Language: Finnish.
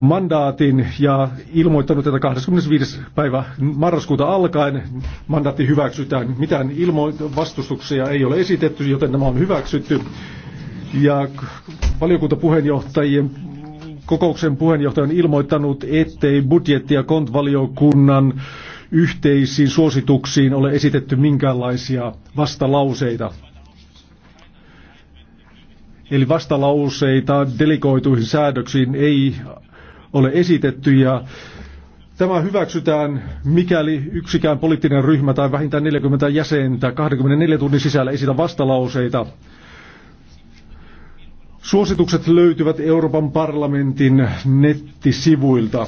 mandaatin ja ilmoittanut, että 25. päivä marraskuuta alkaen mandaatti hyväksytään. Mitään ilmo- vastustuksia ei ole esitetty, joten nämä on hyväksytty. Ja valiokuntapuheenjohtajien kokouksen puheenjohtaja on ilmoittanut, ettei budjetti- ja kontvaliokunnan yhteisiin suosituksiin ole esitetty minkäänlaisia vastalauseita. Eli vastalauseita delikoituihin säädöksiin ei ole esitetty ja Tämä hyväksytään, mikäli yksikään poliittinen ryhmä tai vähintään 40 jäsentä 24 tunnin sisällä esitä vastalauseita. Suositukset löytyvät Euroopan parlamentin nettisivuilta.